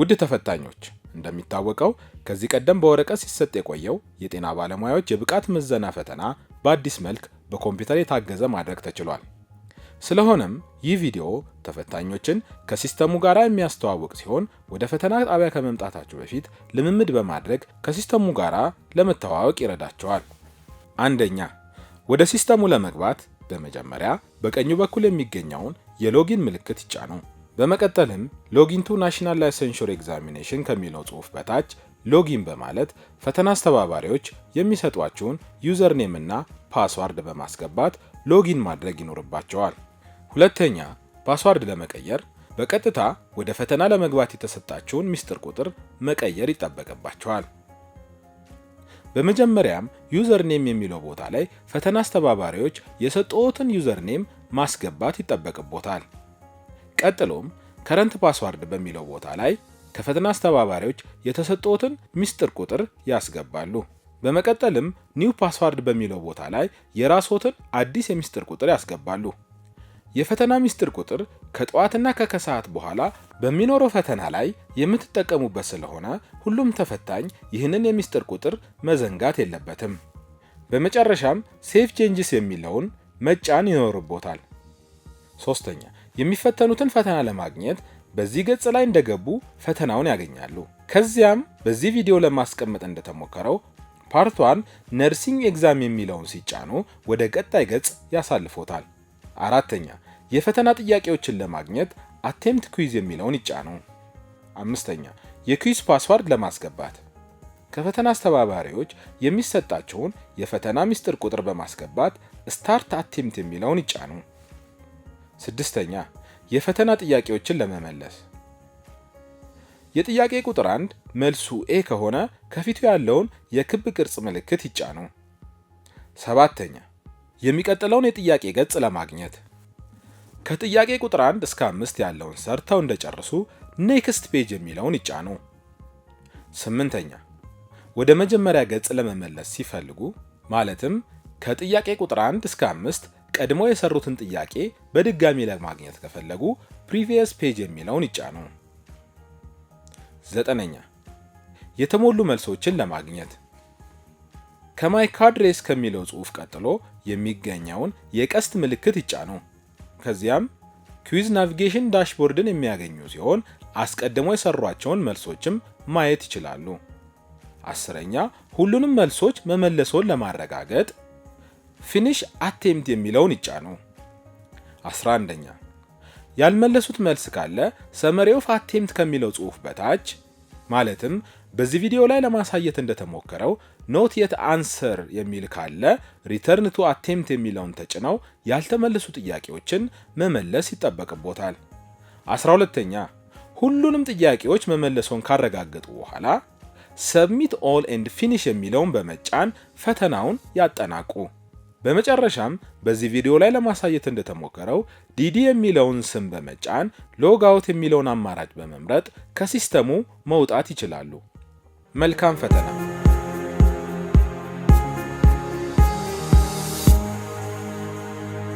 ውድ ተፈታኞች እንደሚታወቀው ከዚህ ቀደም በወረቀት ሲሰጥ የቆየው የጤና ባለሙያዎች የብቃት ምዘና ፈተና በአዲስ መልክ በኮምፒውተር የታገዘ ማድረግ ተችሏል። ስለሆነም ይህ ቪዲዮ ተፈታኞችን ከሲስተሙ ጋር የሚያስተዋውቅ ሲሆን ወደ ፈተና ጣቢያ ከመምጣታቸው በፊት ልምምድ በማድረግ ከሲስተሙ ጋር ለመተዋወቅ ይረዳቸዋል። አንደኛ፣ ወደ ሲስተሙ ለመግባት በመጀመሪያ በቀኙ በኩል የሚገኘውን የሎጊን ምልክት ይጫኑ። በመቀጠልም ሎጊን ቱ ናሽናል ላይሰንሹር ኤግዛሚኔሽን ከሚለው ጽሑፍ በታች ሎጊን በማለት ፈተና አስተባባሪዎች የሚሰጧችሁን ዩዘር ኔም እና ፓስዋርድ በማስገባት ሎጊን ማድረግ ይኖርባቸዋል። ሁለተኛ ፓስዋርድ ለመቀየር በቀጥታ ወደ ፈተና ለመግባት የተሰጣችሁን ሚስጥር ቁጥር መቀየር ይጠበቅባቸዋል። በመጀመሪያም ዩዘር ኔም የሚለው ቦታ ላይ ፈተና አስተባባሪዎች የሰጦትን ዩዘር ኔም ማስገባት ይጠበቅቦታል። ቀጥሎም ከረንት ፓስዋርድ በሚለው ቦታ ላይ ከፈተና አስተባባሪዎች የተሰጠዎትን ሚስጥር ቁጥር ያስገባሉ። በመቀጠልም ኒው ፓስዋርድ በሚለው ቦታ ላይ የራስዎትን አዲስ የሚስጥር ቁጥር ያስገባሉ። የፈተና ሚስጥር ቁጥር ከጠዋትና ከከሰዓት በኋላ በሚኖረው ፈተና ላይ የምትጠቀሙበት ስለሆነ ሁሉም ተፈታኝ ይህንን የሚስጥር ቁጥር መዘንጋት የለበትም። በመጨረሻም ሴፍ ቼንጅስ የሚለውን መጫን ይኖርቦታል። ሶስተኛ የሚፈተኑትን ፈተና ለማግኘት በዚህ ገጽ ላይ እንደገቡ ፈተናውን ያገኛሉ። ከዚያም በዚህ ቪዲዮ ለማስቀመጥ እንደተሞከረው ፓርቷን ነርሲንግ ኤግዛም የሚለውን ሲጫኑ ወደ ቀጣይ ገጽ ያሳልፎታል። አራተኛ የፈተና ጥያቄዎችን ለማግኘት አቴምፕት ኩዊዝ የሚለውን ይጫኑ። አምስተኛ የኩዊዝ ፓስዋርድ ለማስገባት ከፈተና አስተባባሪዎች የሚሰጣቸውን የፈተና ምስጢር ቁጥር በማስገባት ስታርት አቴምፕት የሚለውን ይጫኑ። ስድስተኛ የፈተና ጥያቄዎችን ለመመለስ የጥያቄ ቁጥር አንድ መልሱ ኤ ከሆነ ከፊቱ ያለውን የክብ ቅርጽ ምልክት ይጫኑ። ሰባተኛ የሚቀጥለውን የጥያቄ ገጽ ለማግኘት ከጥያቄ ቁጥር አንድ እስከ አምስት ያለውን ሰርተው እንደጨርሱ ኔክስት ፔጅ የሚለውን ይጫኑ። ስምንተኛ ወደ መጀመሪያ ገጽ ለመመለስ ሲፈልጉ ማለትም ከጥያቄ ቁጥር አንድ እስከ አምስት ቀድመው የሰሩትን ጥያቄ በድጋሚ ለማግኘት ከፈለጉ ፕሪቪየስ ፔጅ የሚለውን ይጫኑ። ዘጠነኛ የተሞሉ መልሶችን ለማግኘት ከማይ ካርድ ሬስ ከሚለው ጽሑፍ ቀጥሎ የሚገኘውን የቀስት ምልክት ይጫኑ። ከዚያም ኩዊዝ ናቪጌሽን ዳሽቦርድን የሚያገኙ ሲሆን አስቀድሞ የሰሯቸውን መልሶችም ማየት ይችላሉ። አስረኛ ሁሉንም መልሶች መመለሶን ለማረጋገጥ ፊኒሽ አቴምት የሚለውን ይጫኑ። 11ኛ ያልመለሱት መልስ ካለ ሰመሪ ኦፍ አቴምት ከሚለው ጽሑፍ በታች ማለትም በዚህ ቪዲዮ ላይ ለማሳየት እንደተሞከረው ኖት የት አንሰር የሚል ካለ ሪተርን ቱ አቴምት የሚለውን ተጭነው ያልተመለሱ ጥያቄዎችን መመለስ ይጠበቅቦታል። 12ኛ ሁሉንም ጥያቄዎች መመለሶን ካረጋገጡ በኋላ ሰብሚት ኦል ኤንድ ፊኒሽ የሚለውን በመጫን ፈተናውን ያጠናቁ። በመጨረሻም በዚህ ቪዲዮ ላይ ለማሳየት እንደተሞከረው ዲዲ የሚለውን ስም በመጫን ሎግ አውት የሚለውን አማራጭ በመምረጥ ከሲስተሙ መውጣት ይችላሉ። መልካም ፈተና